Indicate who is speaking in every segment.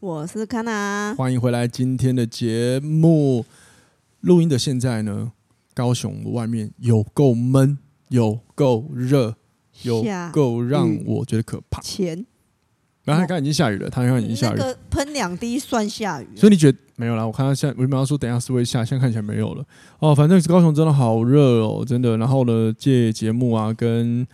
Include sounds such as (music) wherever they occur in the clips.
Speaker 1: 我是 Kana，、啊、歡
Speaker 2: 迎回來。今天的節目錄音的現在呢，高雄外面有夠悶，有夠熱，有夠讓我覺得可怕。前，他剛才剛已經下雨了，他剛剛已經下雨，嗯那個、
Speaker 1: 噴兩滴算下雨。
Speaker 2: 所以你覺得沒有啦？我看他現原本他說等一下是會下，現在看起來沒有了。哦，反正高雄真的好熱哦，真的。然後呢，借節目啊，跟。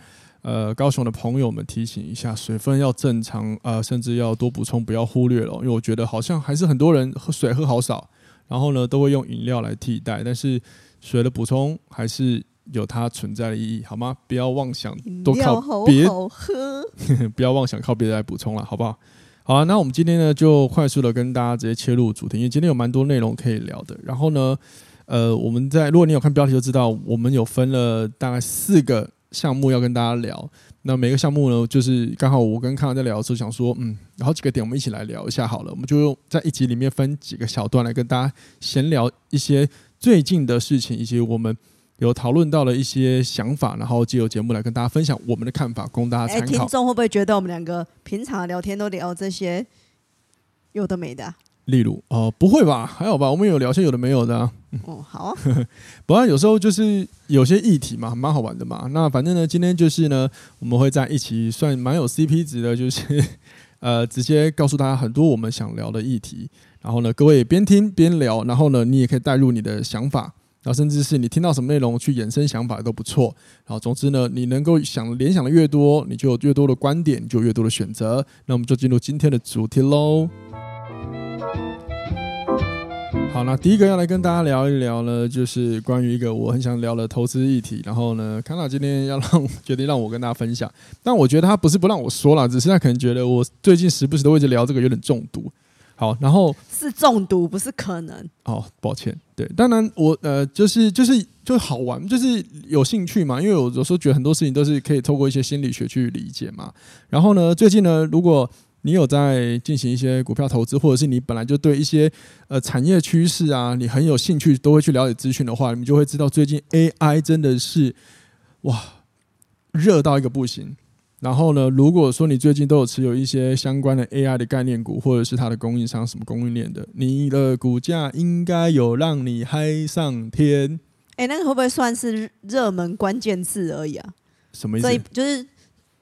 Speaker 2: 呃，高雄的朋友們提醒一下，水分要正常，呃，甚至要多補充，不要忽略了哦。因為我覺得好像還是很多人喝水喝好少，然後呢，都會用飲料來替代。但是水的補充還是有它存在的意義，好嗎？不要妄想都靠別
Speaker 3: 喝， (laughs)
Speaker 2: 不要妄想靠別人來補充了，好不好？好啊，那我們今天呢，就快速的跟大家直接切入主題，因為今天有蠻多內容可以聊的。然後呢，呃，我們在如果你有看標題就知道，我們有分了大概四個。項目要跟大家聊，那每個項目呢，就是剛好我跟 Kana 在聊的時候，想說，嗯，好幾個點，我們一起來聊一下好了，我們就用在一集裡面分幾個小段來跟大家閒聊一些最近的事情，以及我們有討論到了一些想法，然後借由節目來跟大家分享我們的看法，供大家參考。欸、聽眾
Speaker 1: 會不會覺得我們兩個平常聊天都聊這些？有的沒的、啊，
Speaker 2: 例如，哦、呃，不會吧，還好吧，我們有聊些有的沒有的、啊。哦，好啊。 (laughs) 不然有時候就是有些議題嘛，蠻好玩的嘛。那反正呢，今天就是呢，我們會在一起算蠻有 CP 值的，就是呃，直接告訴大家很多我們想聊的議題。然後呢，各位也邊聽邊聊，然後呢，你也可以帶入你的想法，然後甚至是你聽到什麼內容去衍生想法都不錯。然後總之呢，你能夠想聯想的越多，你就有越多的觀點，就越多的選擇。那我們就進入今天的主題嘍。好，那第一個要來跟大家聊一聊呢，就是關於一個我很想聊的投資議題。然後呢，Kana 今天要讓決定讓我跟大家分享，但我覺得他不是不讓我說了，只是他可能覺得我最近時不時都在聊這個，有點中毒。好，然後
Speaker 1: 是中毒，不是可能。
Speaker 2: 好，哦，抱歉。對，當然我呃，就是就是就好玩，就是有興趣嘛。因為我有時候覺得很多事情都是可以透過一些心理學去理解嘛。然後呢，最近呢，如果你有在進行一些股票投資，或者是你本來就對一些呃產業趨勢啊，你很有興趣，都會去了解資訊的話，你就會知道最近 AI 真的是哇，熱到一個不行。然後呢，如果說你最近都有持有一些相關的 AI 的概念股，或者是它的供應商什麼供應鏈的，你的股價應該有讓你嗨上天。
Speaker 1: 哎、欸，那個會不會算是熱門關鍵字而已啊？
Speaker 2: 什麼意思？所以
Speaker 1: 就是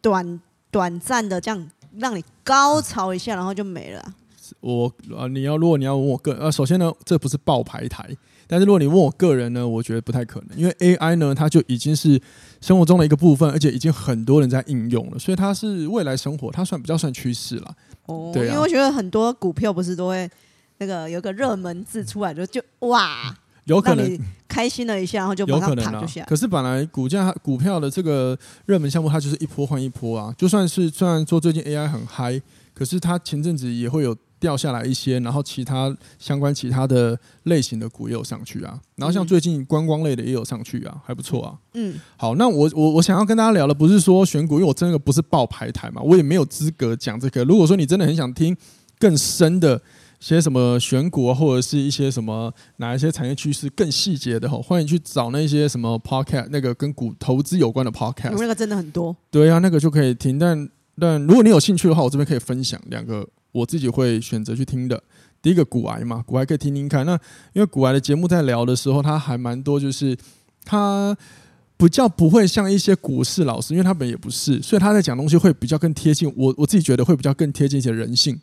Speaker 1: 短短暫的這樣。讓你高潮一下，然後就沒了、
Speaker 2: 啊。我啊，你要如果你要問我個人，呃、啊，首先呢，這不是報牌台，但是如果你問我個人呢，我覺得不太可能，因為 AI 呢，它就已經是生活中的一個部分，而且已經很多人在應用了，所以它是未來生活，它算比較算趨勢了。哦對、啊，因為我覺
Speaker 1: 得很多股票不是都會那個有個熱門字出來就就哇。有可能開心了一下，然後就，把就了有可能就、啊、行。可
Speaker 2: 是本來股價、股票的這個熱門項目，它就是一波換一波啊。就算是雖然說最近 AI 很嗨，可是它前陣子也會有掉下來一些，然後其他相關、其他的類型的股也有上去啊。然後像最近觀光類的也有上去啊，嗯、還不錯啊。嗯，好，那我我我想要跟大家聊的不是說選股，因為我真的不是報牌台嘛，我也沒有資格講這個。如果說你真的很想聽更深的，些什麼選股或者是一些什麼哪一些產業趨勢更細節的吼，歡迎去找那些什麼 podcast 那個跟股投資有關的 podcast。嗯，那個真的很多。對啊，那個就可以聽。但但如果你有興趣的話，我這邊可以分享兩個我自己會選擇去聽的。第一個股癌嘛，股癌可以聽聽看。那因為股癌的節目在聊的時候，他還蠻多，就是他比較不會像一些股市老師，因為他本也不是，所以他在講東西會比較更貼近我。我自己覺得會比較更貼近一些人性。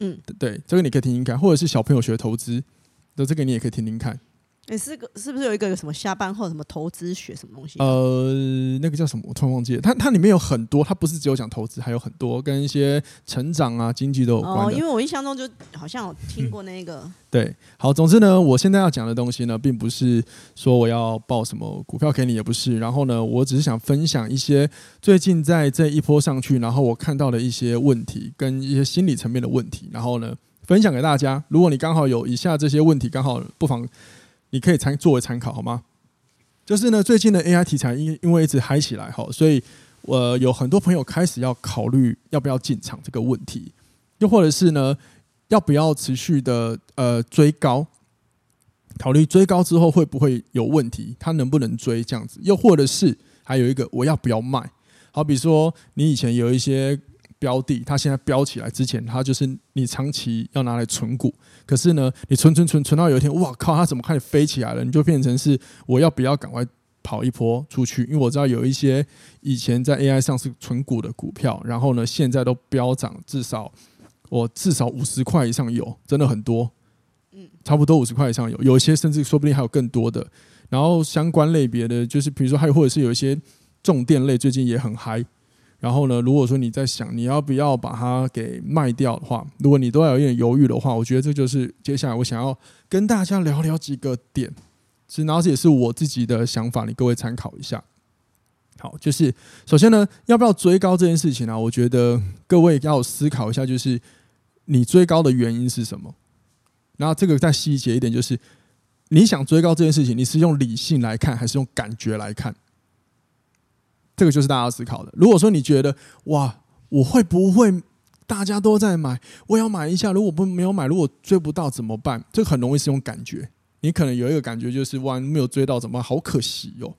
Speaker 2: 嗯，對，這個你可以聽聽看，或者是小朋友學投資的這個你也可以聽聽看。
Speaker 1: 誒，是個是不是有一個有什麼下班後什麼投資學
Speaker 2: 什麼東西？呃，那個叫什麼？我突然忘記了。它它裡面有很多，它不是只有講投資，還有很多跟一些成長啊、經濟都有關的。哦，因為
Speaker 1: 我印象中就好像有聽過那個、嗯。
Speaker 2: 對，好，總之呢，我現在要講的東西呢，並不是說我要報什麼股票給你，也不是。然後呢，我只是想分享一些最近在這一波上去，然後我看到的一些問題，跟一些心理層面的問題，然後呢，分享給大家。如果你剛好有以下這些問題，剛好不妨。你可以參作為參考，好嗎？就是呢，最近的 AI 題材因因為一直嗨起來哈，所以我、呃、有很多朋友開始要考慮要不要進場這個問題，又或者是呢，要不要持續的呃追高，考慮追高之後會不會有問題，它能不能追這樣子，又或者是還有一個我要不要賣？好比說你以前有一些標的它現在飆起來之前，它就是你長期要拿來存股。可是呢，你存存存存到有一天，哇靠，它怎麼開始飛起來了？你就變成是我要不要趕快跑一波出去？因為我知道有一些以前在 AI 上是存股的股票，然後呢，現在都飆漲，至少我至少五十塊以上有，真的很多，嗯，差不多五十塊以上有，有一些甚至說不定還有更多的。然後相關類別的就是，比如說還有，或者是有一些重電類，最近也很嗨。然後呢，如果說你在想你要不要把它給賣掉的話，如果你都有一點猶豫的話，我覺得這就是接下來我想要跟大家聊聊幾個點。其實，然後這也是我自己的想法，你各位參考一下。好，就是首先呢，要不要追高這件事情呢，啊？我覺得各位要思考一下，就是你追高的原因是什麼。然後，這個再細節一點，就是你想追高這件事情，你是用理性來看，還是用感覺來看？這個就是大家思考的。如果說你覺得哇，我會不會大家都在買，我要買一下？如果不沒有買，如果追不到怎麼辦？這很容易是一種感覺。你可能有一個感覺就是哇，沒有追到怎麼辦？好可惜哦。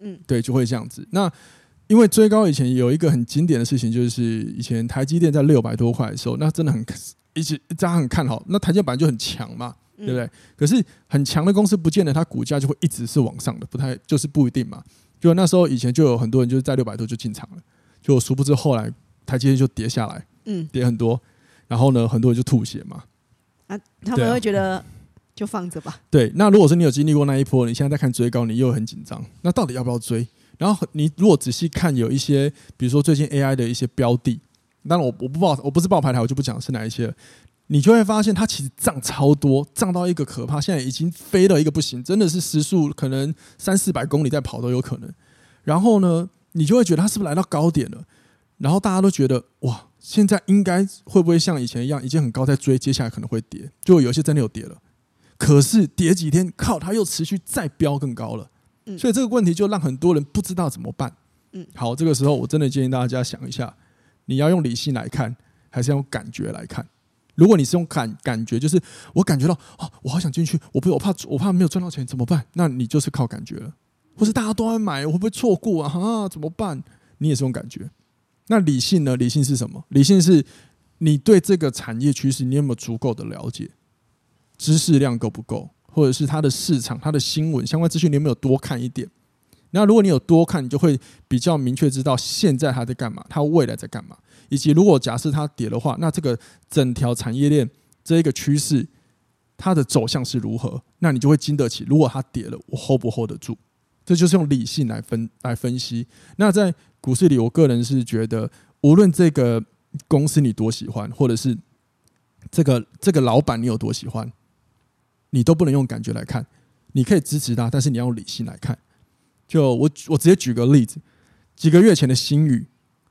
Speaker 2: 嗯，對，就會這樣子。那因為追高以前有一個很經典的事情，就是以前台積電在六百多塊的時候，那真的很一直大家很看好。那台積電本來就很強嘛，對不對、嗯？可是很強的公司不見得它股價就會一直是往上的，不太就是不一定嘛。就那時候以前就有很多人就是在六百多就進場了，就殊不知後來台積就跌下來，嗯，跌很多，然後呢很多人就吐血嘛，
Speaker 1: 啊，他們會覺得就放着吧。
Speaker 2: 啊、對，那如果是你有經歷過那一波，你現在在看追高，你又很緊張，那到底要不要追？然後你如果仔細看，有一些比如說最近 AI 的一些標的，當然我我不報我不是報牌台，我就不講是哪一些。你就會發現它其實漲超多，漲到一個可怕，現在已經飛到一個不行，真的是時速可能三四百公里在跑都有可能。然後呢，你就會覺得它是不是來到高點了？然後大家都覺得哇，現在應該會不會像以前一樣，已經很高在追，接下來可能會跌？就有些真的有跌了。可是跌幾天，靠它又持續再飆更高了。所以這個問題就讓很多人不知道怎麼辦。嗯，好，這個時候我真的建議大家想一下，你要用理性來看，還是要用感覺來看？如果你是用感感覺，就是我感覺到啊，我好想進去，我不我怕我怕沒有賺到錢怎麼辦？那你就是靠感覺了。或是大家都在買，我會不會錯過啊？啊，怎麼辦？你也是用感覺。那理性呢？理性是什麼？理性是你對這個產業趨勢，你有沒有足夠的了解？知識量夠不夠？或者是它的市場、它的新聞相關資訊，你有沒有多看一點？那如果你有多看，你就會比較明確知道現在它在幹嘛，它未來在幹嘛。以及，如果假設它跌的話，那這個整條產業鏈這個趨勢它的走向是如何？那你就會經得起。如果它跌了，我 hold 不 hold 得住？這就是用理性來分來分析。那在股市裡，我個人是覺得，無論這個公司你多喜歡，或者是這個這個老闆你有多喜歡，你都不能用感覺來看。你可以支持他，但是你要用理性來看。就我我直接舉個例子，幾個月前的星宇。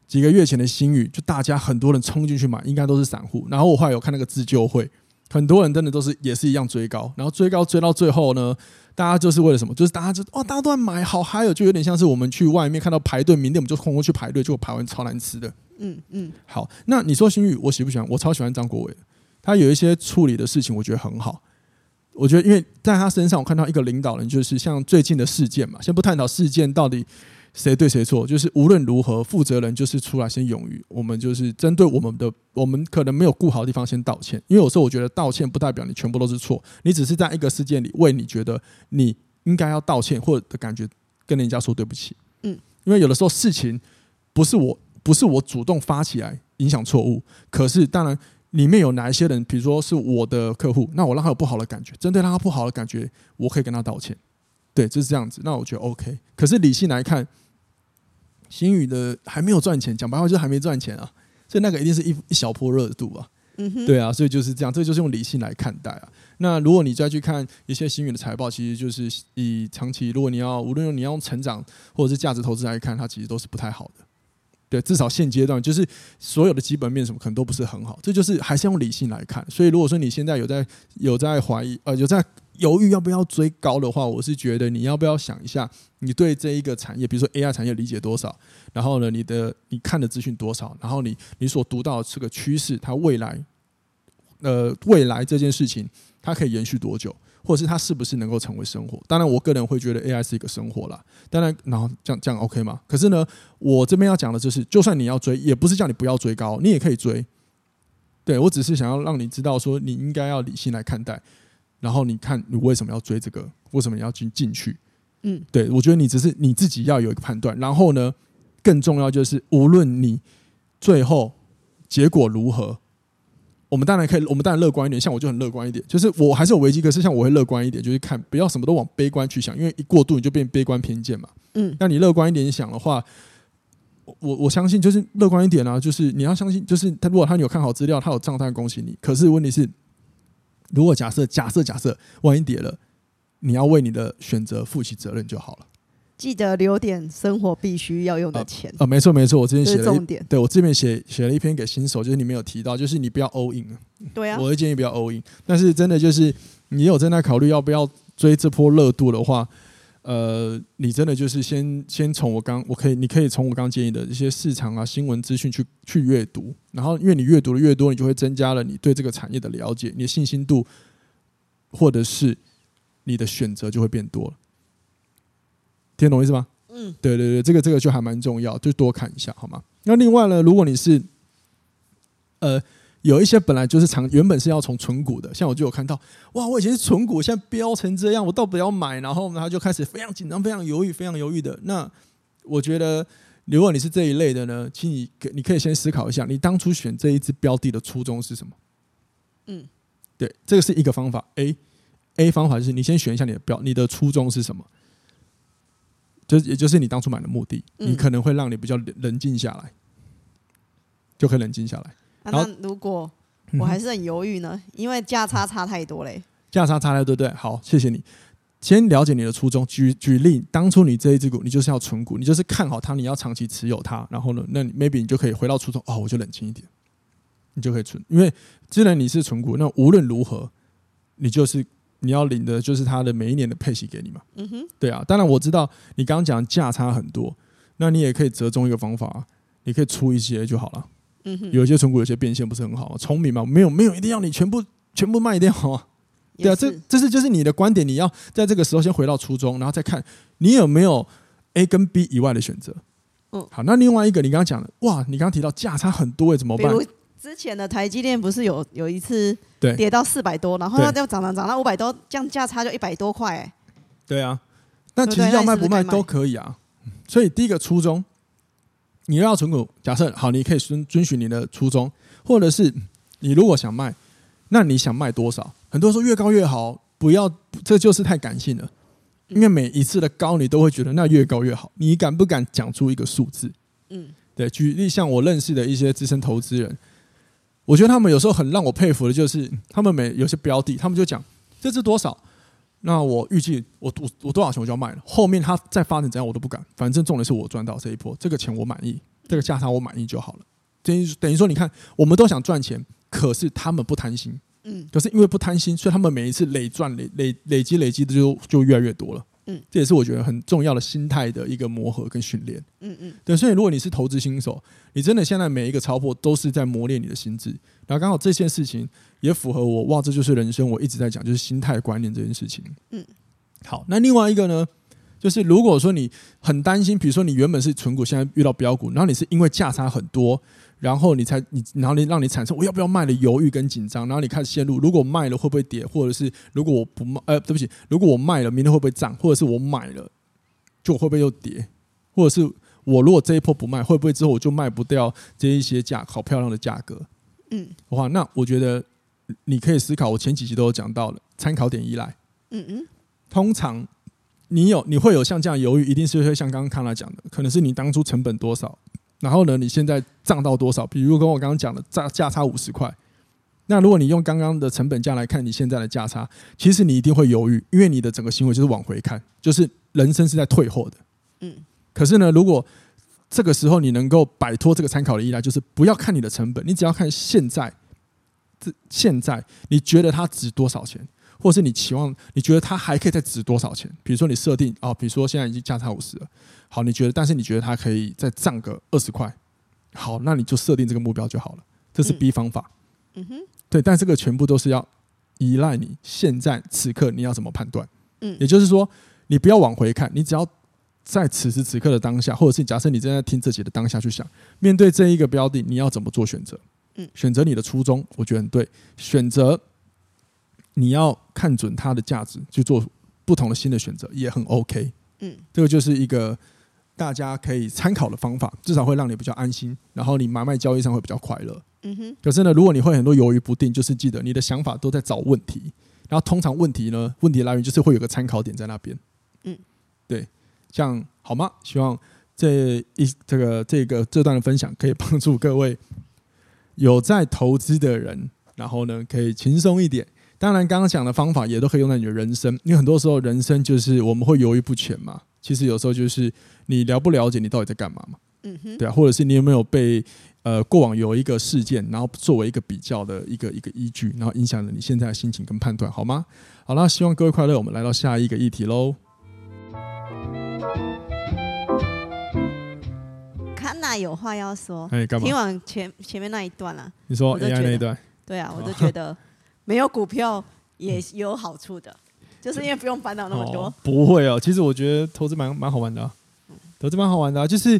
Speaker 2: 幾個月前的星宇，就大家很多人衝進去買，應該都是散戶。然後我後來有看那個自救會，很多人真的都是也是一樣追高。然後追高追到最後呢，大家就是為了什麼？就是大家就哦，大家都在買，好嗨哦！就有點像是我們去外面看到排隊，明天我們就空空去排隊，就排完超難吃的。嗯嗯，好。那你說星宇，我喜不喜歡？我超喜歡張國偉，他有一些處理的事情，我覺得很好。我覺得，因為在他身上，我看到一個領導人，就是像最近的事件嘛，先不探討事件到底。誰對誰錯？就是無論如何，負責人就是出來先勇於，我們就是針對我們的，我們可能沒有顧好的地方先道歉。因為有時候我覺得道歉不代表你全部都是錯，你只是在一個事件裡，為你覺得你應該要道歉或者感覺跟人家說對不起。嗯，因為有的時候事情不是我，不是我主動發起來影響錯誤。可是當然裡面有哪一些人，比如說是我的客戶，那我讓他有不好的感覺，針對他不好的感覺，我可以跟他道歉。對，就是這樣子。那我覺得 OK。可是理性來看，新星宇的還沒有賺錢，講白話就還沒賺錢啊，所以那個一定是一一小波熱度啊、嗯。對啊，所以就是這樣，這就是用理性來看待啊。那如果你再去看一些新星宇的財報，其實就是以長期，如果你要無論你要用成長或者是價值投資來看，它其實都是不太好的。對，至少現階段就是所有的基本面什麼可能都不是很好，這就是還是用理性來看。所以如果說你現在有在有在懷疑，呃，有在。猶豫要不要追高的話，我是覺得你要不要想一下，你對這一個產業，比如說 AI 產業理解多少？然後呢，你的你看的資訊多少？然後你你所讀到的這個趨勢，它未來呃未來這件事情，它可以延續多久？或者是它是不是能夠成為生活？當然，我個人會覺得 AI 是一個生活了。當然，然後這樣這樣 OK 嗎？可是呢，我這邊要講的就是，就算你要追，也不是叫你不要追高，你也可以追。對我只是想要讓你知道說，說你應該要理性來看待。然後你看，你為什麼要追這個？為什麼你要進進去？嗯，對，我覺得你只是你自己要有一個判斷。然後呢，更重要就是，無論你最後結果如何，我們當然可以，我們當然樂觀一點。像我就很樂觀一點，就是我還是有危機，可是像我會樂觀一點，就是看不要什麼都往悲觀去想，因為一過度你就變悲觀偏見嘛。嗯，那你樂觀一點想的話，我我相信就是樂觀一點啊，就是你要相信，就是他如果他有看好資料，他有賬單，恭喜你。可是問題是。如果假設假設假設，萬一跌了，你要為你的選擇負起責任就好了。
Speaker 1: 記得留點生活必須要用的錢啊、呃呃！
Speaker 2: 沒錯沒錯，我這邊寫了重點，對，我這邊寫寫了一篇給新手，就是你沒有提到，就是你不要 all in。對啊，我的建議不要 all in，但是真的就是你有正在那考慮要不要追這波熱度的話。呃，你真的就是先先從我剛，我可以，你可以從我剛建議的一些市場啊、新聞資訊去去閱讀，然後因為你閱讀的越多，你就會增加了你對這個產業的了解，你的信心度，或者是你的選擇就會變多了，聽懂我意思嗎？嗯，對對對，這個這個就還蠻重要，就多看一下，好嗎？那另外呢，如果你是，呃。有一些本來就是長，原本是要從存股的，像我就有看到，哇，我以前是存股，現在飆成這樣，我到不要買？然後他就開始非常緊張、非常猶豫、非常猶豫的。那我覺得，如果你是這一類的呢，請你你可以先思考一下，你當初選這一只標的的初衷是什麼？嗯，對，這個是一個方法。A A 方法就是你先選一下你的標，你的初衷是什麼？就也就是你當初買的目的，你可能會讓你比較冷靜下來、嗯，就可以冷靜下來。那、啊、
Speaker 1: 如果我還是很猶豫呢？嗯、因為價差差太多嘞、
Speaker 2: 欸。價差差太多，對不對？好，謝謝你。先了解你的初衷。舉舉例，當初你這一隻股，你就是要存股，你就是看好它，你要長期持有它。然後呢，那你 maybe 你就可以回到初衷。哦，我就冷靜一點，你就可以存，因為既然你是存股，那無論如何，你就是你要領的就是它的每一年的配息給你嘛。嗯哼。對啊，當然我知道你剛剛講價差很多，那你也可以折中一個方法，你可以出一些就好了。嗯、有些存股有些變現不是很好、啊，聰明嘛？沒有沒有，一定要你全部全部賣掉、啊？對啊，這這是就是你的觀點，你要在這個時候先回到初衷，然後再看你有沒有 A 跟 B 以外的選擇。嗯，好，那另外一個你剛剛講的，哇，你剛剛提到價差很多、欸，怎麼辦？比如
Speaker 1: 之前的台積電不是有有一次跌到四百多，然後它就漲了漲到五百多，這樣價差就一百多塊、欸。對啊，那其實要賣不,賣不賣都
Speaker 2: 可以啊。所以第一個初衷。你要存股，假設好，你可以遵遵循你的初衷，或者是你如果想賣，那你想賣多少？很多人說越高越好，不要，這就是太感性了。因為每一次的高，你都會覺得那越高越好。你敢不敢講出一個數字？
Speaker 3: 嗯，
Speaker 2: 對。舉例像我認識的一些資深投資人，我覺得他們有時候很讓我佩服的，就是他們每有些標的，他們就講這是多少。那我預計我我我多少錢我就要賣了。後面它再發展怎樣我都不敢，反正重點是我賺到這一波，這個錢我滿意，這個價差我滿意就好了。等於等於說，你看，我們都想賺錢，可是他們不貪心，可是因為不貪心，所以他們每一次累賺累累累積累積的就就越來越多了。這也是我覺得很重要的心態的一個磨合跟訓練。嗯嗯，對，所以如果你是投資新手，你真的現在每一個操作都是在磨練你的心智。然後剛好這件事情也符合我，哇，這就是人生，我一直在講就是心態觀念這件事情。嗯，好，那另外一個呢，就是如果說你很擔心，比如說你原本是存股，現在遇到標股，然後你是因為價差很多。然後你才你，然後你讓你產生我要不要賣的猶豫跟緊張，然後你開始陷入：如果賣了會不會跌？或者是如果我不賣，呃，對不起，如果我賣了明天會不會漲？或者是我買了就會不會又跌？或者是我如果這一波不賣，會不會之後我就賣不掉這一些價格好漂亮的價格？嗯，哇，那我覺得你可以思考，我前幾集都有講到了參考點依賴。
Speaker 3: 嗯嗯，
Speaker 2: 通常你有你會有像這樣的猶豫，一定是會像剛剛 Kana 講的，可能是你當初成本多少。然後呢，你現在漲到多少？比如跟我剛剛講的價價差五十塊，那如果你用剛剛的成本價來看你現在的價差，其實你一定會猶豫，因為你的整個行為就是往回看，就是人生是在退後的。的嗯，可是呢，如果這個時候你能夠擺脫這個參考的依賴，就是不要看你的成本，你只要看現在，這現在你覺得它值多少錢，或是你期望你覺得它還可以再值多少錢？比如說你設定哦，比如說現在已經價差五十了。好，你覺得？但是你覺得他可以再漲個二十塊？好，那你就設定這個目標就好了。這是 B 方法。嗯，嗯
Speaker 3: 哼。
Speaker 2: 對，但這個全部都是要依賴你現在此刻你要怎麼判斷？嗯，也就是說，你不要往回看，你只要在此時此刻的當下，或者是假設你正在聽自己的當下去想，面對這一個標的，你要怎麼做選擇？
Speaker 3: 嗯，
Speaker 2: 選擇你的初衷，我覺得很對。選擇你要看準它的價值去做不同的新的選擇，也很 OK。嗯，這個就是一個。大家可以參考的方法，至少會讓你比較安心，然後你買賣交易上會比較快樂。嗯哼。可是呢，如果你會很多猶豫不定，就是記得你的想法都在找問題，然後通常問題呢，問題來源就是會有個參考點在那邊。嗯，對。這樣好嗎？希望這一這個這個這段的分享可以幫助各位有在投資的人，然後呢可以輕鬆一點。當然，剛剛講的方法也都可以用在你的人生，因為很多時候人生就是我們會猶豫不前嘛。其實有時候就是你了不了解你到底在幹嘛嘛，嗯哼，對啊，或者是你有沒有被呃過往有一個事件，然後作為一個比較的一個一個依據，然後影響了你現在的心情跟判斷，好嗎？好啦，希望各位快樂，我們來到下一個議題嘍。
Speaker 1: Kana 有話要說，你、欸、幹嘛？聽往前前面那一段啊。你說那一
Speaker 2: 段，對啊，我就覺
Speaker 1: 得沒有股票也有好處的。嗯就是因為
Speaker 2: 不用煩惱那麼多、哦，不會哦。其實我覺得投資蠻蠻好玩的、啊，投資蠻好玩的、啊。就是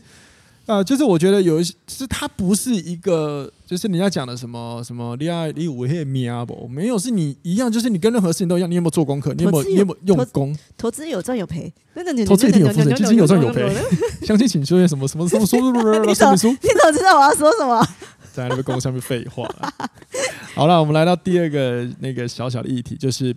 Speaker 2: 啊、呃，就是我覺得有一些，其、就、實、是、它不是一個，就是你要講的什麼什麼戀愛、獵物、黑喵不，沒有是你一樣，就是你跟任何事情都一樣。你有沒有做功課？你有沒有你有沒有用功？
Speaker 1: 投資有賺有賠，真的。投資有賺有
Speaker 2: 賠，基金有賺有賠。相信請說些什麼？什麼什麼說？你怎麼知
Speaker 1: 道我要說什麼？
Speaker 2: 在那個公上面廢話。好了，我們來到第二個那個小小的議題，就是。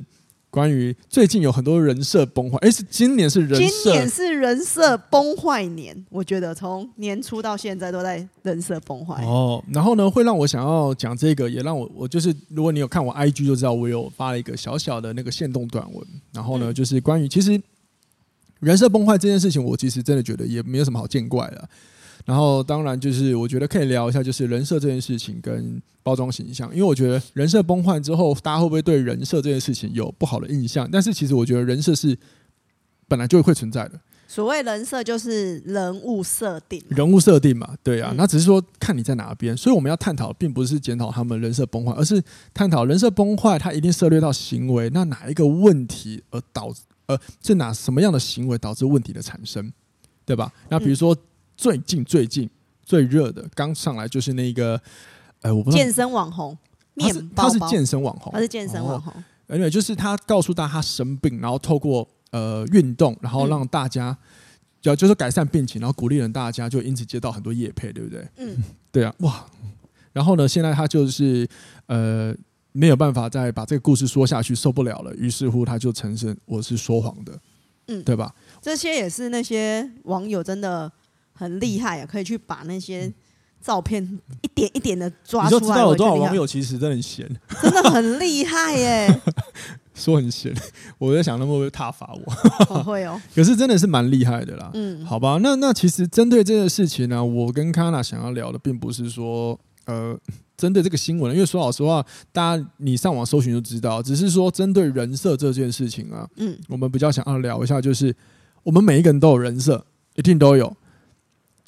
Speaker 2: 關於最近有很多人設崩壞，誒、欸，是今年是人今年是
Speaker 1: 人設崩壞年，我覺得從年初到現在都在人設崩壞。
Speaker 2: 哦，然後呢，會讓我想要講這個，也讓我我就是，如果你有看我 I G 就知道，我有發了一個小小的那個限動短文。然後呢，嗯、就是關於其實人設崩壞這件事情，我其實真的覺得也沒有什麼好見怪了、啊。然後，當然就是我覺得可以聊一下，就是人設這件事情跟包裝形象，因為我覺得人設崩壞之後，大家會不會對人設這件事情有不好的印象？但是其實我覺得人設是本來就會存在的。
Speaker 1: 所謂人設就是人物設定，
Speaker 2: 人物設定嘛，對啊。那只是說看你在哪邊。嗯，所以我們要探討，並不是檢討他們人設崩壞，而是探討人設崩壞，它一定涉獵到行為，那哪一個問題而導致，呃，是哪什麼樣的行為導致問題的產生，對吧？那比如說。嗯最近最近最熱的剛上來就是那個，呃，我不知道健身
Speaker 1: 網紅，麵包，包。他是健身網紅，他是健身網
Speaker 2: 紅，哎、哦，對，就是他告訴大家生病，然後透過呃運動，然後讓大家要、嗯、就是改善病情，然後鼓勵了大家，就因此接到很多業配，對不對？
Speaker 3: 嗯，
Speaker 2: 對啊，哇，然後呢，現在他就是呃沒有辦法再把這個故事說下去，受不了了，於是乎他就承認我是說謊的，嗯，
Speaker 1: 對吧？這些也是那些網友真的。很厲害啊！可以去把那些照片一點一點的抓出來。我有好多少網友其
Speaker 2: 實真的很閒
Speaker 1: (laughs) 真的很厲害耶、欸 (laughs) 。
Speaker 2: 說很閒，我在想，他們會不會撻伐我？會哦。可是真的是蠻厲害的啦。嗯，好吧，那那其實針對這件事情呢、啊，我跟 Kana 想要聊的，並不是說呃，針對這個新聞，因為說老實話，大家你上網搜尋就知道。只是說，針對人設這件事情啊，嗯，我們比較想要聊一下，就是我們每一個人都有人設，一定都有。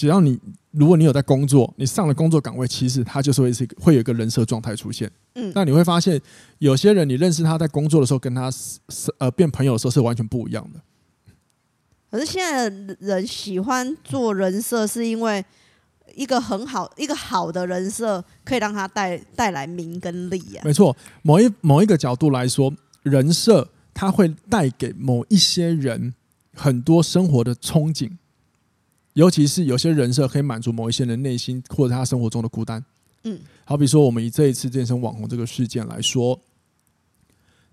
Speaker 2: 只要你，如果你有在工作，你上了工作崗位，其實他就是會，是會有一個人設狀態出現。嗯，那你會發現有些人，你認識他在工作的時候，跟他是，是呃變朋友的時候是完全不一樣的。
Speaker 1: 可是現在的人喜歡做人設，是因為一個很好，一個好的人設可以讓他帶帶來名跟利啊。沒
Speaker 2: 錯，某一，某一個角度來說，人設他會帶給某一些人很多生活的憧憬。尤其是有些人設可以滿足某一些人內心或者他生活中的孤單，嗯，好比說我們以這一次健身網紅這個事件來說，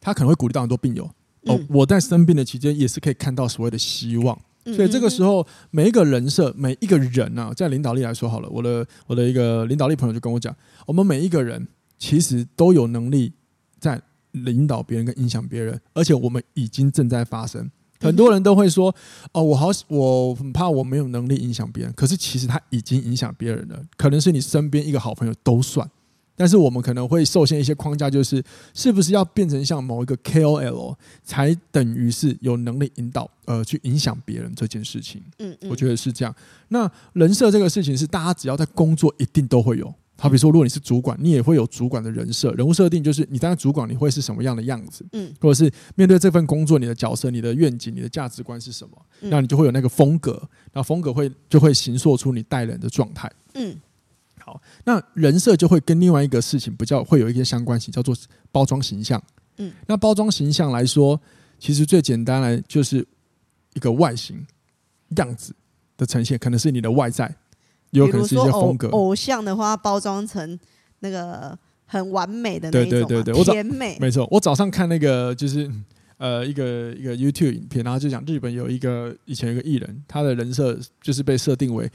Speaker 2: 他可能會鼓勵到很多病友哦，我在生病的期間也是可以看到所謂的希望，所以這個時候每一個人設，每一個人啊，在領導力來說好了，我的我的一個領導力朋友就跟我講，我們每一個人其實都有能力在領導別人跟影響別人，而且我們已經正在發生。很多人都會說：“哦、呃，我好，我很怕我沒有能力影響別人。”可是其實他已經影響別人了，可能是你身邊一個好朋友都算。但是我們可能會受限一些框架，就是是不是要變成像某一個 KOL 才等於是有能力引導呃去影響別人這件事情？嗯嗯，我覺得是這樣。那人設這個事情是大家只要在工作一定都會有。好，比如說，如果你是主管，你也會有主管的人設、人物設定，就是你當主管你會是什麼樣的樣子，嗯，或者是面對這份工作，你的角色、你的願景、你的價值觀是什麼，嗯，那你就會有那個風格，那風格就會就會形塑出你帶人的狀態，嗯，好，那人設就會跟另外一個事情比較會有一些相關性，叫做包裝形象，嗯，那包裝形象來說，其實最簡單來就是一個外形樣子的呈現，可能是你的外在。有可能是一些風格，偶
Speaker 1: 像的話，包裝成那個很完美的那一種，甜美。沒
Speaker 2: 錯，我早上看那個就是呃一個一個 YouTube 影片，然後就講日本有一個以前有一個藝人，他的人設就是被設定為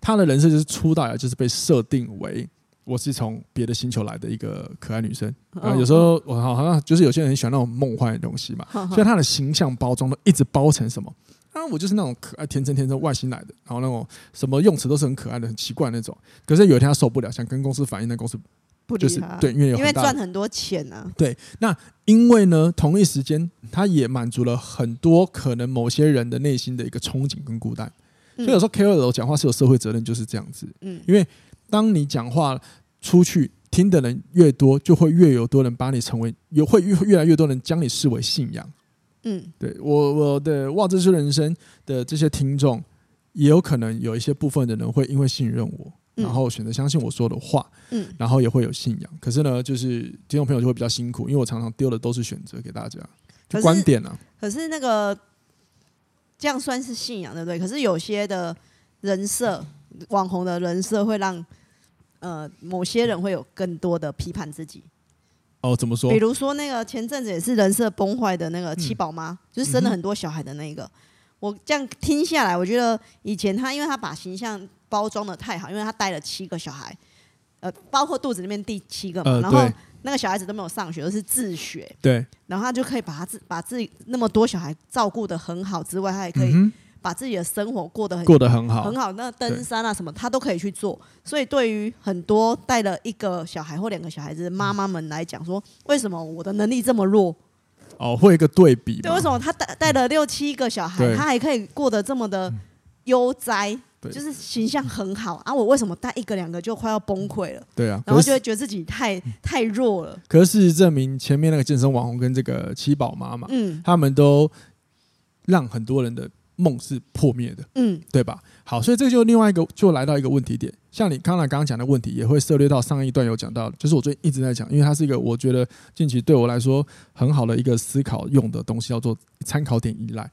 Speaker 2: 他的人設就是出道啊，就是被設定為我是從別的星球來的一個可愛女生。啊、哦呃，有時候我好像就是有些人很喜歡那種夢幻的東西嘛，所以他的形象包裝都一直包成什麼？當然，我就是那種可愛、天真、天真、外星來的，然後那種什麼用詞都是很可愛的、很奇怪的那種。可是有一天他受不了，想跟公司反映，但公司不
Speaker 1: 就是對，因為有因為賺很多錢呢、啊。對，
Speaker 2: 那因為呢，同一時間他也滿足了很多可能某些人的內心的一個憧憬跟孤單。所以有時候 KOL 講話是有社會責任，就是這樣子。嗯，因為當你講話出去，聽的人越多，就會越有多人把你成為，也會越越來越多人將你視為信仰。嗯，對我我對哇，這是人生的這些聽眾，也有可能有一些部分的人會因為信任我，嗯、然後選擇相信我說的話，嗯，然後也會有信仰。可是呢，就是聽眾朋友就會比較辛苦，因為我常常丟的都是選擇給大家
Speaker 1: 就觀點呢、啊。可是那個這樣算是信仰對不對？可是有些的人設網紅的人設會讓呃某些人會有更多的批判自己。哦，怎麼說？比如說那個前陣子也是人設崩壞的那個七寶媽、嗯，就是生了很多小孩的那個。嗯、我這樣聽下來，我覺得以前她因為她把形象包裝得太好，因為她帶了七個小孩，呃，包括肚子裡面第七個嘛。呃、然後那個小孩子都沒有上學，而、就是自學。對。然後她就可以把她自把自己那麼多小孩照顧得很好之外，她也可以。嗯把自己的生活過得很過得很好，很好。那登山啊什麼，他都可以去做。所以對於很多帶了一個小孩或兩個小孩子媽媽、嗯、們來講，說為什麼我的能力這麼弱？
Speaker 2: 哦，會一個對比。對，為
Speaker 1: 什麼他帶帶了六七個小孩、嗯，他還可以過得這麼的悠哉？就是形象很好、嗯、啊。我為什麼帶一個兩個就快要崩潰了？
Speaker 2: 對啊，然後就會覺
Speaker 1: 得自己太、嗯、太弱了。
Speaker 2: 可是事實證明前面那個健身網紅跟這個七寶媽媽，嗯，他們都讓很多人的。夢是破滅的，嗯，對吧？好，所以這就另外一個，就來到一個問題點。像你剛才剛剛講的問題，也會涉獵到上一段有講到，就是我最近一直在講，因為它是一個我覺得近期對我來說很好的一個思考用的東西，叫做參考點依賴。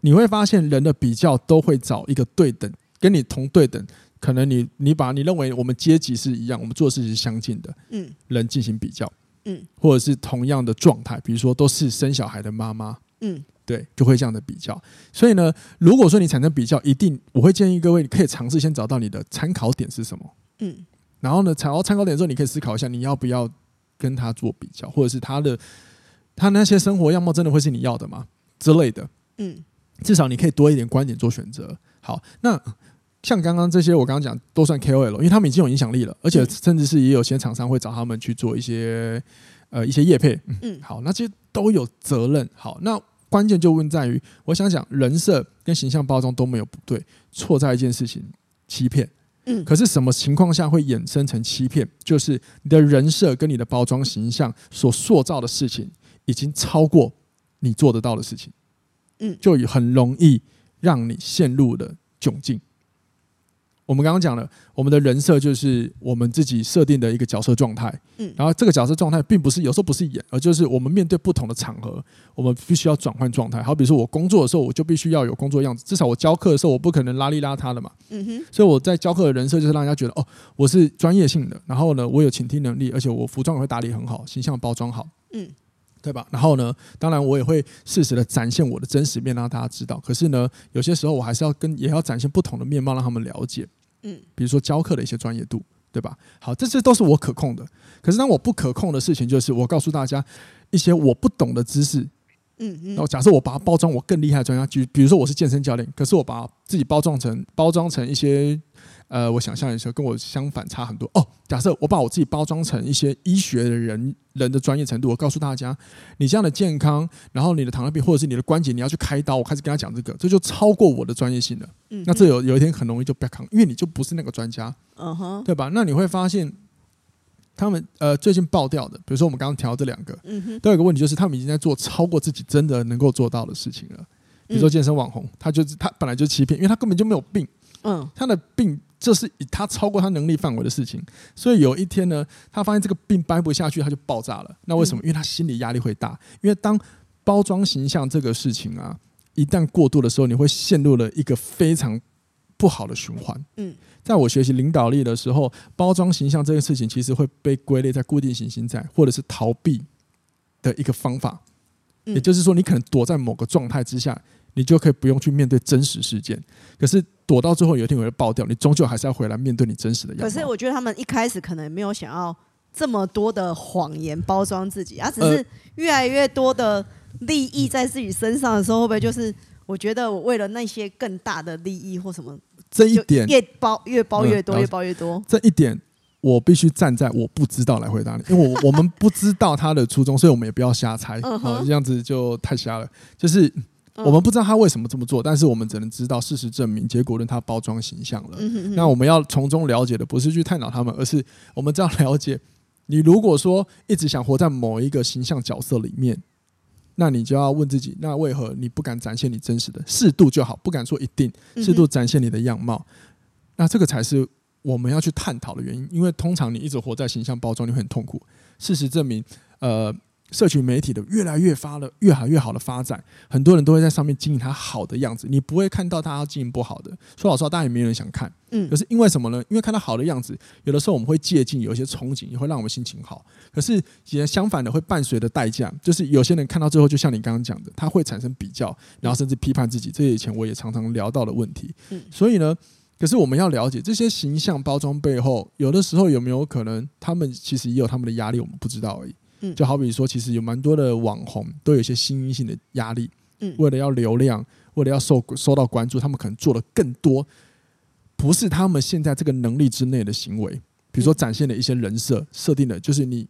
Speaker 2: 你會發現，人的比較都會找一個對等，跟你同對等，可能你你把你認為我們階級是一樣，我們做事情是相近的，嗯，人進行比較，嗯，或者是同樣的狀態，比如說都是生小孩的媽媽，嗯。對，就會這樣的比較。所以呢，如果說你產生比較，一定我會建議各位，你可以嘗試先找到你的參考點是什麼？嗯，然後呢，找到參考點之後，你可以思考一下，你要不要跟他做比較，或者是他的他那些生活樣貌真的會是你要的嗎？之類的。
Speaker 3: 嗯，
Speaker 2: 至少你可以多一點觀點做選擇。好，那像剛剛這些，我剛剛講都算 KOL，因為他們已經有影響力了，而且甚至是也有些廠商會找他們去做一些呃一些業配。嗯，好，那這些都有責任。好，那。關鍵就問在於，我想講人設跟形象包裝都沒有不對，錯在一件事情，欺騙。可是什麼情況下會衍生成欺騙？就是你的人設跟你的包裝形象所塑造的事情，已經超過你做得到的事情，就很容易讓你陷入了窘境。我們剛剛講了，我們的人設就是我們自己設定的一個角色狀態。嗯，然後這個角色狀態並不是有時候不是演，而就是我們面對不同的場合，我們必須要轉換狀態。好比說，我工作的時候，我就必須要有工作樣子，至少我教課的時候，我不可能邋裡邋遢的嘛。嗯哼，所以我在教課的人設就是讓人家覺得哦，我是專業性的，然後呢，我有傾聽能力，而且我服裝也會打理很好，形象包裝好。嗯。對吧？然後呢，當然，我也會適時的展現我的真實面，讓大家知道。可是呢，有些時候我還是要跟，也要展現不同的面貌，讓他們了解。嗯，比如說教課的一些專業度，對吧？好，這些都是我可控的。可是，當我不可控的事情，就是我告訴大家一些我不懂的知識。
Speaker 3: 嗯嗯。然後，假設我把
Speaker 2: 它包裝，我更厲害專家，舉比如說我是健身教練，可是我把自己包裝成包裝成一些。呃，我想象的時候跟我相反差很多哦。假設我把我自己包裝成一些醫學的人、mm -hmm. 人的專業程度，我告訴大家，你這樣的健康，然後你的糖尿病或者是你的關節，你要去開刀，我開始跟他講這個，這就超過我的專業性了。Mm -hmm. 那這有有一天很容易就不要看，因為你就不是那個專家。嗯哼，對吧？那你會發現，他們呃最近爆掉的，比如說我們剛剛提到這兩個，mm -hmm. 都有一個問題，就是他們已經在做超過自己真的能夠做到的事情了。Mm -hmm. 比如說健身網紅，他就是他本來就是欺騙，因為他根本就沒有病。嗯、uh -huh.，他的病。這是以他超過他能力範圍的事情，所以有一天呢，他發現這個病掰不下去，他就爆炸了。那為什麼？嗯、因為他心理壓力會大，因為當包裝形象這個事情啊，一旦過度的時候，你會陷入了一個非常不好的循環。嗯、在我學習領導力的時候，包裝形象這個事情其實會被歸類在固定型心態或者是逃避的一個方法，
Speaker 3: 嗯、也就是
Speaker 2: 說，你可能躲在某個狀態之下。你就可以不用去面對真實事件，可是躲到最後有一天我會爆掉，你終究還是要回來面對你真實的樣子。可是
Speaker 1: 我覺得他們一開始可能沒有想要這麼多的謊言包裝自己啊，只是越來越多的利益在自己身上的時候，會不會就是我覺得我為了那些更大的利益或什麼，
Speaker 2: 這一點越
Speaker 1: 包越包越多，嗯，越包越多。
Speaker 2: 這一點我必須站在我不知道來回答你，因為我我們不知道他的初衷， (laughs) 所以我們也不要瞎猜，嗯，好，這樣子就太瞎了。就是。我們不知道他為什麼這麼做，但是我們只能知道，事實證明結果論他包裝形象了。嗯哼哼。那我們要從中了解的不是去探討他們，而是我們只要了解：你如果說一直想活在某一個形象角色裡面，那你就要問自己：那為何你不敢展現你真實的？適度就好，不敢說一定，適度展現你的樣貌，嗯，那這個才是我們要去探討的原因。因為通常你一直活在形象包裝，你會很痛苦。事實證明，呃。社群媒體的越來越發了，越好越好的發展，很多人都會在上面經營他好的樣子，你不會看到大家經營不好的。說老實話，大家也沒人想看。嗯，可是因為什麼呢？因為看到好的樣子，有的時候我們會借鏡，有一些憧憬，也會讓我們心情好。可是也相反的，會伴隨着代價，就是有些人看到最後，就像你剛剛講的，他會產生比較，然後甚至批判自己。這以前我也常常聊到的問題。嗯，所以呢，可是我們要了解這些形象包裝背後，有的時候有沒有可能他們其實也有他們的壓力，我們不知道而已。就好比說，其實有蠻多的網紅都有一些心因性的壓力，為了要流量，為了要受受到關注，他們可能做了更多，不是他們現在這個能力之內的行為。比如說，展現了一些人設，設定了就是你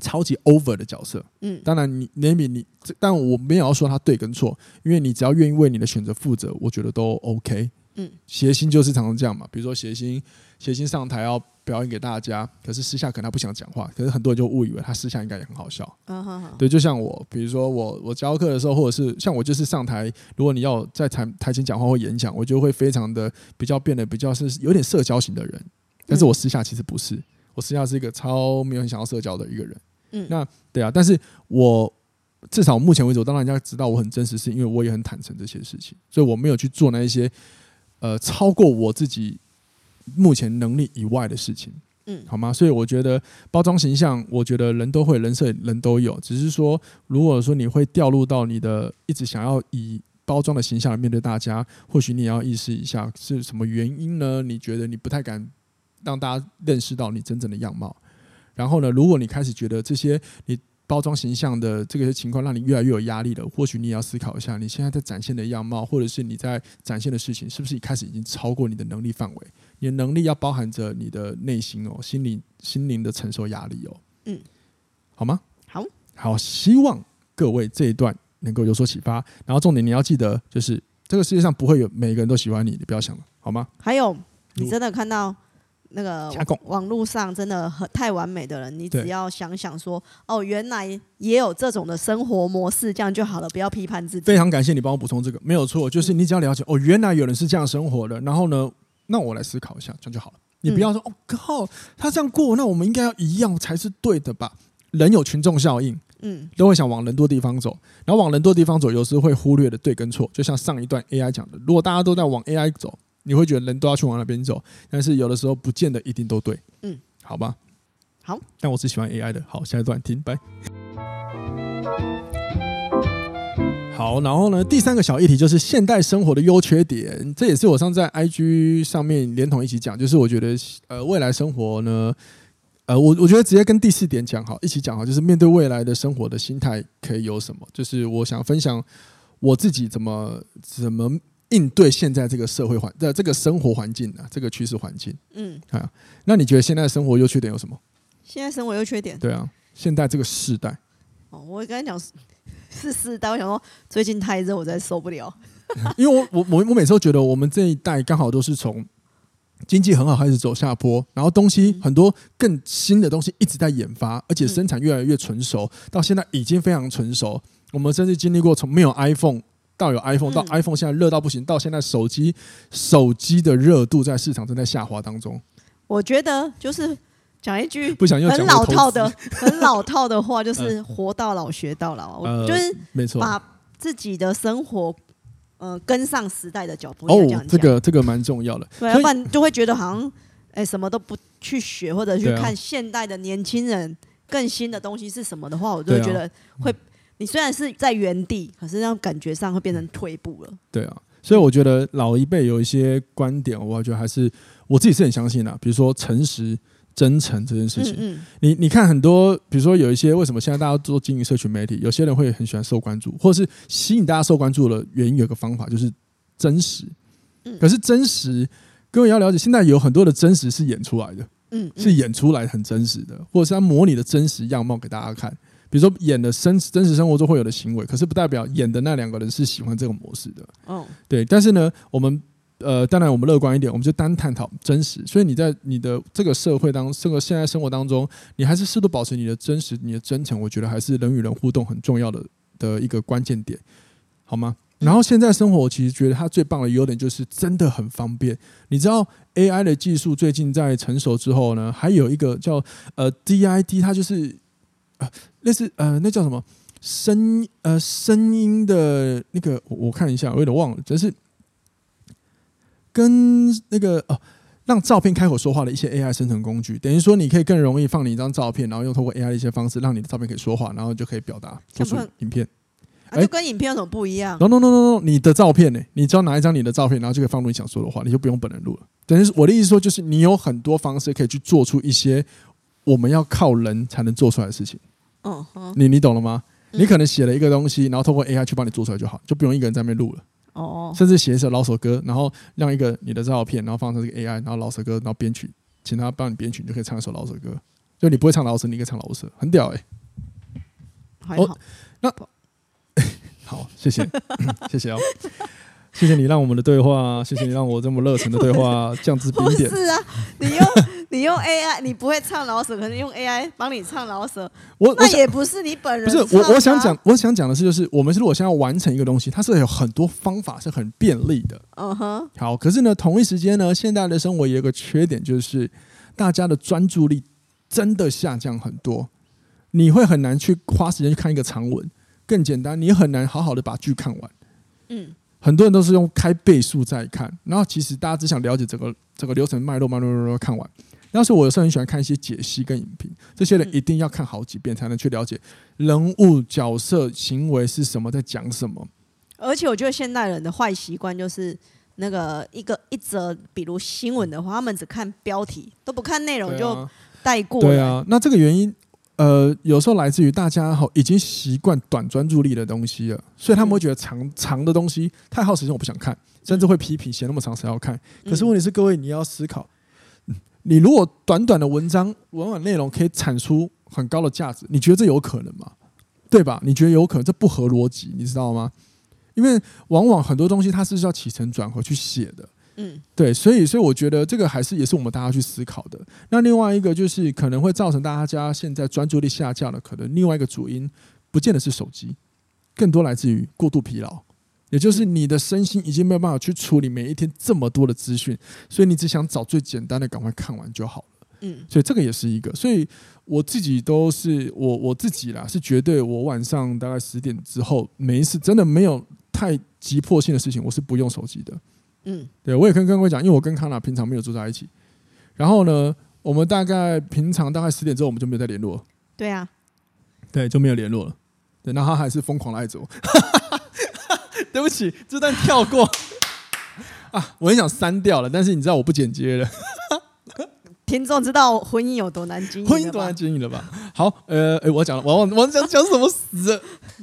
Speaker 2: 超級 over 的角色，當然你，你你，但我沒有要說他對跟錯，因為你只要願意為你的選擇負責，我覺得都 OK。嗯，諧星就是常常這樣嘛。比如說諧星，諧星上台要表演給大家，可是私下可能他不想講話，可是很多人就誤以為他私下應該也很好笑。哦，
Speaker 3: 好好。
Speaker 2: 對，就像我，比如說我我教課的時候，或者是像我就是上台，如果你要在台台前講話或演講，我就會非常的比較變得比較是有點社交型的人，但是我私下其實不是，我私下是一個超沒有很想要社交的一個人。嗯，那對啊，但是我至少我目前為止，我當然應該知道我很真實是，是因為我也很坦誠這些事情，所以我沒有去做那一些。呃，超過我自己目前能力以外的事情，嗯，好嗎？所以我覺得包裝形象，我覺得人都會，人設人都有，只是說，如果說你會掉入到你的一直想要以包裝的形象來面對大家，或許你也要意識一下是什麼原因呢？你覺得你不太敢讓大家認識到你真正的樣貌，然後呢，如果你開始覺得這些你。包裝形象的這個情況，讓你越來越有壓力了。或許你也要思考一下，你現在在展現的樣貌，或者是你在展現的事情，是不是一開始已經超過你的能力範圍？你的能力要包含着你的內心哦，心靈、心靈的承受壓力哦。嗯，好嗎？好，好，希望各位這一段能夠有所啟發。然後重點你要記得，就是這個世界上不會有每個人都喜歡你，你不要想了，好嗎？還有，你真的
Speaker 1: 看到？嗯那個網絡上真的很太完美的人，你只要想想說，哦，原來也有這種的生活模式，這樣就好了，不要批判自己。非
Speaker 2: 常感謝你幫我補充這個，沒有錯，就是你只要了解，哦，原來有人是這樣生活的，然後呢，那我來思考一下，這樣就好了。你不要說，哦，靠，他這樣過，那我們應該要一樣才是對的吧？人有群眾效應，嗯，都會想往人多地方走，然後往人多地方走，有時候會忽略的對跟錯。就像上一段 AI 講的，如果大家都在往 AI 走。你會覺得人都要去往哪邊走，但是有的時候不見得一定都對。嗯，好吧。好，但我是喜歡 AI 的。好，下一段聽，拜。好，然後呢，第三個小議題就是現代生活的優缺點，這也是我上次在 IG 上面連同一起講，就是我覺得呃未來生活呢，呃，我我覺得直接跟第四點講好，一起講好，就是面對未來的生活的心態可以有什麼？就是我想分享我自己怎麼怎麼。應對現在這個社會環境的這個生活環境啊，這個趨勢環境，嗯，啊，那你覺得現在生活優缺點有什麼？
Speaker 1: 現在生活優缺點，對
Speaker 2: 啊，現在這個世代，
Speaker 1: 哦，我剛才講是世代，我想說最近太熱，我實在受不了。
Speaker 2: (laughs) 因為我我我我每次都覺得我們這一代剛好都是從經濟很好開始走下坡，然後東西、嗯、很多更新的東西一直在研發，而且生產越來越純熟、嗯，到現在已經非常純熟。我們甚至經歷過從沒有 iPhone。到有 iPhone，到 iPhone 現在熱到不行、嗯，到現在手機手機的熱度在市場正在下滑當中。
Speaker 1: 我覺得就是講一句不想用很老套的很老套的話，就是活到老學到老。 (laughs) 呃、我就是沒錯，把自己的生活呃跟上時代的腳步、呃。哦，這
Speaker 2: 個這、這個蠻、這個、重要的，
Speaker 1: 對啊、不然就會覺得好像誒、欸，什麼都不去學或者去看現代的年輕人更新的東西是什麼的話，我就會覺得會。你雖然是在原地，可是那種感覺上會變成退步了。
Speaker 2: 對啊，所以我覺得老一輩有一些觀點，我覺得還是我自己是很相信的啊。比如說誠實、真誠這件事情，嗯嗯你你看很多，比如說有一些為什麼現在大家都做經營社群媒體，有些人會很喜歡受關注，或者是吸引大家受關注的原因有個方法就是真實。嗯、可是真實各位要了解，現在有很多的真實是演出來的，嗯、嗯、嗯，是演出來很真實的，或者是他模擬的真實樣貌給大家看。比如說演的生真實生活中會有的行為，可是不代表演的那兩個人是喜歡這個模式的。嗯、oh，對。但是呢，我們呃，當然我們樂觀一點，我們就單探討真實。所以你在你的這個社會當，這個現在生活當中，你還是適度保持你的真實，你的真誠。我覺得還是人與人互動很重要的的一個關鍵點，好嗎？然後現在生活其實覺得它最棒的優點就是真的很方便。你知道 AI 的技術最近在成熟之後呢，還有一個叫呃 DID，它就是。那、啊、是呃，那叫什麼聲呃聲音的那個，我我看一下，我有點忘了。就是跟那個哦、啊，讓照片開口說話的一些 AI 生成工具，等於說你可以更容易放你一張照片，然後用通過 AI 的一些方式，讓你的照片可以說話，然後就可以表達做出影片。哎、欸啊，就
Speaker 1: 跟影片有什麼不一樣、欸、
Speaker 2: no, no,？No no no no 你的照片呢、欸？你只要拿一張你的照片，然後就可以放入你想說的話，你就不用本人錄了。等於我的意思說，就是你有很多方式可以去做出一些我們要靠人才能做出來的事情。嗯、oh, huh.，你你懂了嗎？你可能寫了一個東西，嗯、然後通過 AI 去幫你做出來就好，就不用一個人在那邊錄了。哦哦，甚至寫一首饒舌歌，然後讓一個你的照片，然後放上這個 AI，然後饒舌歌，然後編曲，請他幫你編曲，你就可以唱一首饒舌歌。就你不會唱饒舌，你可以唱饒舌，很屌誒、欸，
Speaker 3: 好，那、oh, not...
Speaker 2: not... (laughs) 好，謝謝， (laughs) (laughs) 謝謝哦。 (laughs) 謝謝你讓我們的對話，謝謝你讓我這麼熱情的對話降至冰點。 (laughs) 不
Speaker 1: 是啊，你用你用 AI，你不會唱饒舌，可是用 AI 幫你唱饒舌，我，我那也不是你本人唱啊。不是我，我想講，
Speaker 2: 我想講的是，就是我們是如果想要完成一個東西，它是有很多方法是很便利的。嗯
Speaker 3: 哼。
Speaker 2: 好，可是呢，同一時間呢，現代的生活也有一個缺點，就是大家的專注力真的下降很多。你會很難去花時間去看一個長文，更簡單，你很難好好的把劇看完。嗯。很多人都是用開倍數在看，然後其實大家只想了解整個這個流程脈絡脈絡，脈絡看完。要是我有時候很喜歡看一些解析跟影評，這些人一定要看好幾遍才能去了解人物角色行為是什麼，在講什麼。
Speaker 1: 而且我覺得現代人的壞習慣就是那個一個一則，比如新聞的話，他們只看標題，都不看內容就帶過。對啊，對啊，
Speaker 2: 那這個原因。呃，有時候來自於大家哈已經習慣短專注力的東西了，所以他們會覺得長、嗯、長的東西太耗時間，我不想看，甚至會批評寫那麼長誰要看，嗯。可是問題是，各位你要思考、嗯，你如果短短的文章，短短內容可以產出很高的價值，你覺得這有可能嗎？對吧？你覺得有可能？這不合邏輯，你知道嗎？因為往往很多東西它是需要起承轉合去寫的。嗯，對，所以，所以我覺得這個還是也是我們大家去思考的。那另外一個就是可能會造成大家現在專注力下降的可能，另外一個主因不見得是手機，更多來自於過度疲勞，也就是你的身心已經沒有辦法去處理每一天這麼多的資訊，所以你只想找最簡單的，趕快看完就好
Speaker 3: 了。嗯，
Speaker 2: 所以這個也是一個。所以我自己都是我我自己啦，是絕對我晚上大概十點之後，每一次真的沒有太急迫性的事情，我是不用手機的。嗯，對，我也跟各位講，因為我跟 Kana 平常沒有住在一起，然後呢，我們大概平常大概十點之後，我們就沒有再聯絡了。對啊，對，就沒有聯絡了。對，那他還是瘋狂的愛着我。 (laughs) (laughs) 對不起，這段跳過 (laughs) (laughs) 啊，我很想刪掉了，但是你知道我不剪接了。 (laughs)
Speaker 1: 聽眾知道婚姻有多難經營，婚姻
Speaker 2: 多難經營了吧？好，呃，哎、欸，我講了，我忘我講講什麼死？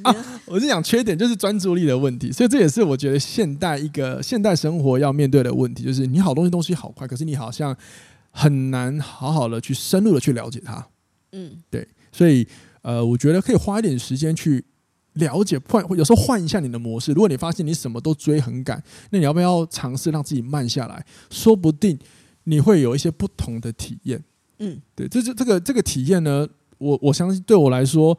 Speaker 2: 啊，我是講缺點就是專注力的問題。所以這也是我覺得現代一個現代生活要面對的問題，就是你好東西東西好快，可是你好像很難好好的去深入的去了解它。
Speaker 3: 嗯，
Speaker 2: 對，所以呃，我覺得可以花一點時間去了解，換有時候換一下你的模式。如果你發現你什麼都追很趕，那你要不要嘗試讓自己慢下來？說不定。你會有一些不同的體驗，嗯，對，就這個這個體驗呢，我我相信對我來說，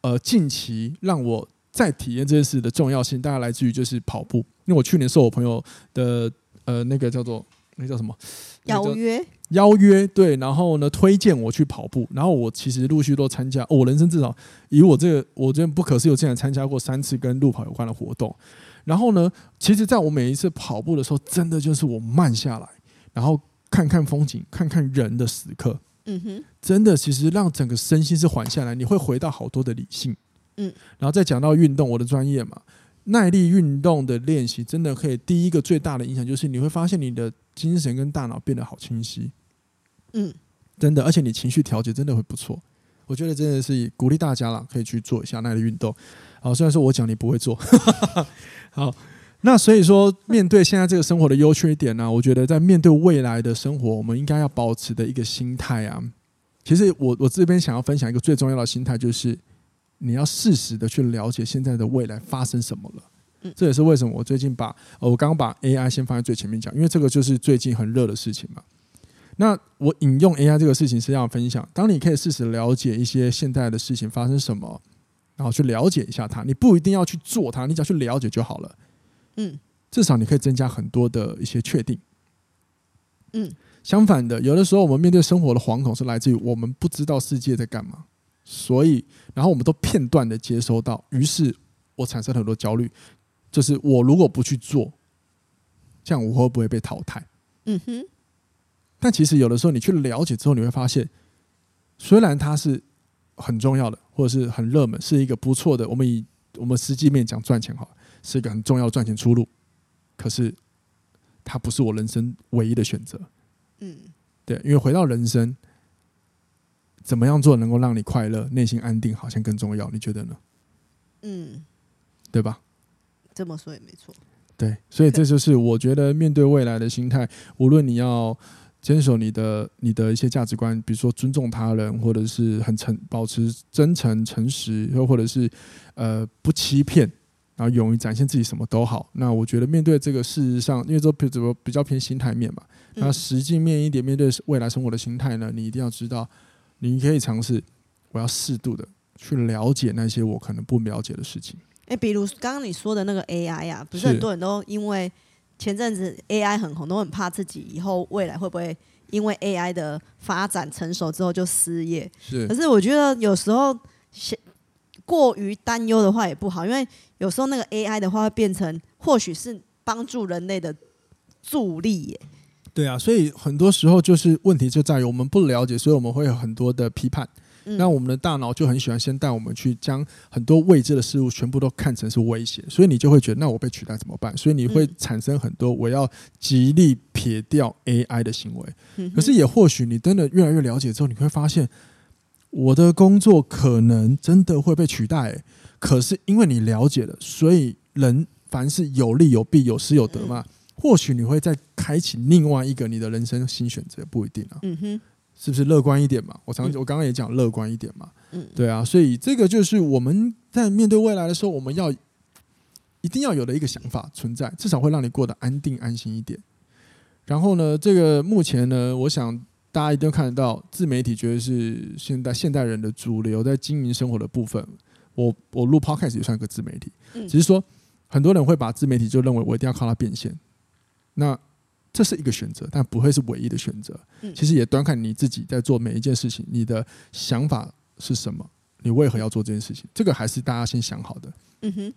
Speaker 2: 呃，近期讓我再體驗這件事的重要性，大概來自於就是跑步，因為我去年受我朋友的呃那個叫做那個、叫什麼、那個、叫約邀約邀約，對，然後呢推薦我去跑步，然後我其實陸續都參加、哦，我人生至少以我這個我這邊不可思議，我竟然參加過三次跟路跑有關的活動，然後呢，其實在我每一次跑步的時候，真的就是我慢下來，然後。看看風景，看看人的時刻，嗯
Speaker 3: 哼，
Speaker 2: 真的，其實讓整個身心是緩下來，你會回到好多的理性，
Speaker 3: 嗯，
Speaker 2: 然後再講到運動，我的專業嘛，耐力運動的練習，真的可以第一個最大的影響就是你會發現你的精神跟大腦變得好清晰，嗯，真的，而且你情緒調節真的會不錯，我覺得真的是鼓勵大家了，可以去做一下耐力運動，好，雖然說我講你不會做， (laughs) 好。那所以說，面對現在這個生活的優缺點呢，啊，我覺得在面對未來的生活，我們應該要保持的一個心態啊。其實我我這邊想要分享一個最重要的心態，就是你要適時的去了解現在的未來發生什麼了。這也是為什麼我最近把我剛剛把 AI 先放在最前面講，因為這個就是最近很熱的事情嘛。那我引用 AI 這個事情是要分享，當你可以適時了解一些現在的事情發生什麼，然後去了解一下它，你不一定要去做它，你只要去了解就好了。嗯，至少你可以增加很多的一些確定。
Speaker 3: 嗯，
Speaker 2: 相反的，有的時候我們面對生活的惶恐是來自於我們不知道世界在幹嘛，所以然後我們都片段的接收到，於是我產生很多焦慮，就是我如果不去做，這樣我會不會被淘汰？嗯
Speaker 3: 哼。
Speaker 2: 但其實有的時候你去了解之後，你會發現，雖然它是很重要的，或者是很熱門，是一個不錯的，我們以我們實際面講賺錢好了。是一個很重要的賺錢出路，可是它不是我人生唯一的選擇。嗯，對，因為回到人生，怎麼樣做能夠讓你快樂、內心安定，好像更重要。你覺得呢？嗯，對吧？
Speaker 1: 這麼說也沒錯。
Speaker 2: 對，所以這就是我覺得面對未來的心態，無論你要堅守你的你的一些價值觀，比如說尊重他人，或者是很誠、保持真誠、誠實，又或者是呃不欺騙。嗯然後勇於展現自己什麼都好。那我覺得面對這個，事實上，因為這比較比較偏心態面嘛。那實際面一點，面對未來生活的心態呢，你一定要知道，你可以嘗試。我要適度的去了解那些我可能不了解的事情。
Speaker 1: 哎、欸，比如剛剛你說的那個 AI 啊，不是很多人都因為前陣子 AI 很紅，都很怕自己以後未來會不會因為 AI 的發展成熟之後就失業？是。可是我覺得有時候過於擔憂的話也不好，因為。有時候那個 AI 的話會變成，或許是幫助人類的助力耶、欸。
Speaker 2: 對啊，所以很多時候就是問題就在於我們不了解，所以我們會有很多的批判。嗯、那我們的大腦就很喜歡先帶我們去將很多未知的事物全部都看成是威脅，所以你就會覺得那我被取代怎麼辦？所以你會產生很多我要極力撇掉 AI 的行為。可是也或許你真的越來越了解之後，你會發現。我的工作可能真的會被取代欸，可是因為你了解了，所以人凡事有利有弊，有失有得嘛。或許你會再開啟另外一個你的人生新選擇，不一定啊。嗯哼，是不是樂觀一點嘛？我常我剛剛也講樂觀一點嘛。對啊，所以這個就是我們在面對未來的時候，我們要一定要有的一個想法存在，至少會讓你過得安定安心一點。然後呢，這個目前呢，我想。大家一定看得到，自媒體絕對是現代現代人的主流，在經營生活的部分。我我錄 podcast 也算一個自媒體，只是說很多人會把自媒體就認為我一定要靠它變現。那這是一個選擇，但不會是唯一的選擇。其實也端看你自己在做每一件事情，你的想法是什麼？你為何要做這件事情？這個還是大家先想好的。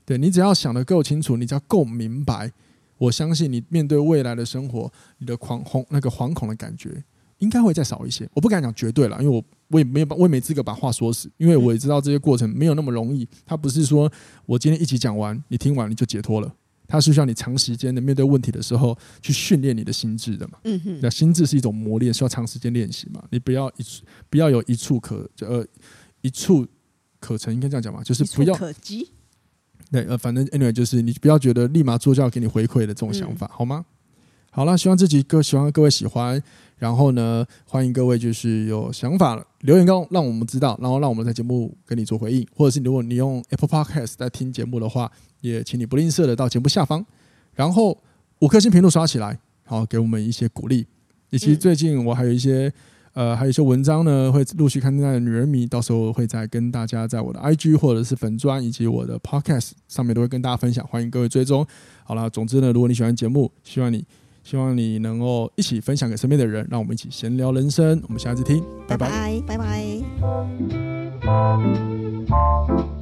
Speaker 2: 對你只要想得夠清楚，你只要夠明白，我相信你面對未來的生活，你的惶恐那個惶恐的感覺。應該會再少一些，我不敢講絕對了，因為我我也沒有，我也沒資格把話說死，因為我也知道這些過程沒有那麼容易。他不是說我今天一集講完，你聽完你就解脫了，它是需要你長時間的面對問題的時候去訓練你的心智的嘛。嗯，那心智是一種磨練，需要長時間練習嘛。你不要一不要有一處可就呃一蹴可幾，應該這樣講嘛，就是不要那呃，反正 Anyway 就是你不要覺得立馬做就要給你回饋的這種想法，嗯、好嗎？好了，希望自己各希望各位喜歡。然後呢，歡迎各位就是有想法留言告，讓我們知道。然後讓我們在節目跟你做回應。或者是如果你用 Apple Podcast 在聽節目的話，也請你不吝嗇的到節目下方，然後五顆星評論刷起來，好給我們一些鼓勵。以及最近我還有一些、嗯、呃還有一些文章呢，會陸續刊登在《女人迷》，到時候會再跟大家在我的 IG 或者是粉專，以及我的 Podcast 上面都會跟大家分享。歡迎各位追蹤。好了，總之呢，如果你喜歡節目，希望你。希望你能夠一起分享給身邊的人，讓我們一起閒聊人生。我們下次聽，拜拜，拜
Speaker 1: 拜。拜拜。